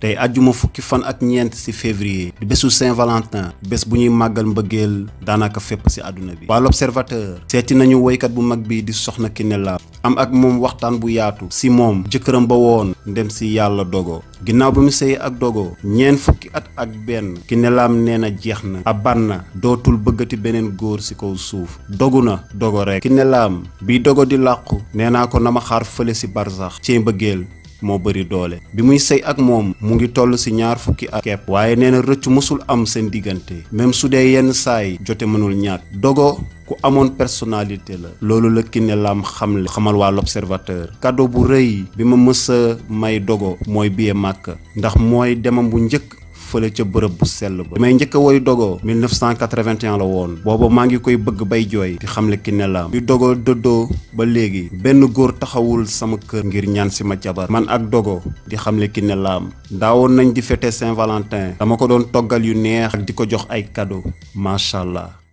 tey àjjuma fukki fan ak ñeent ci février di bésu Saint-Valentin bés bu ñuy màggal mbëggeel daanaka fépp ci àdduna bi waa l'Observateur seeti nañu woykat bu mag bi di Soxna Kiné Lam am ak moom waxtaan bu yaatu ci moom jëkkëram ba woon ndem ci yàlla dogo ginnaaw ba mu sëyee ak dogo ñeent fukki at ak benn Kiné Lam nee na jeex na aban na dootul bëggati beneen góor ci kaw suuf dogu na dogo rekk Kiné Lam dogo di làqu nee naa ko na ma xaar fële ci barsax ci mbëggeel moo bëri doole bi muy sëy ak moom mu ngi toll ci ñaar fukki at kepp waaye nee na rëcc mësul am seen diggante même su dee yenn saay jote mënul ñàkk dogo ku amoon personnalité la loolu la Kiné Lam xamle xamal waa l'observateur cadeau bu rëy bi ma mës may dogo mooy billet Makka ndax mooy demam bu njëkk fële ca bërëb bu sell ba damay njëkk a woy dogoo 1981 la woon booba maa ngi koy bëgg bay jooy di xamle ki ne la bi dogoo dëddoo ba léegi benn góor taxawul sama kër ngir ñaan si ma jabar man ak dogo di xamle ki nelaam daawoon nañ di fêter Saint-Valentin dama ko doon toggal yu neex ak di ko jox ay kado macha allah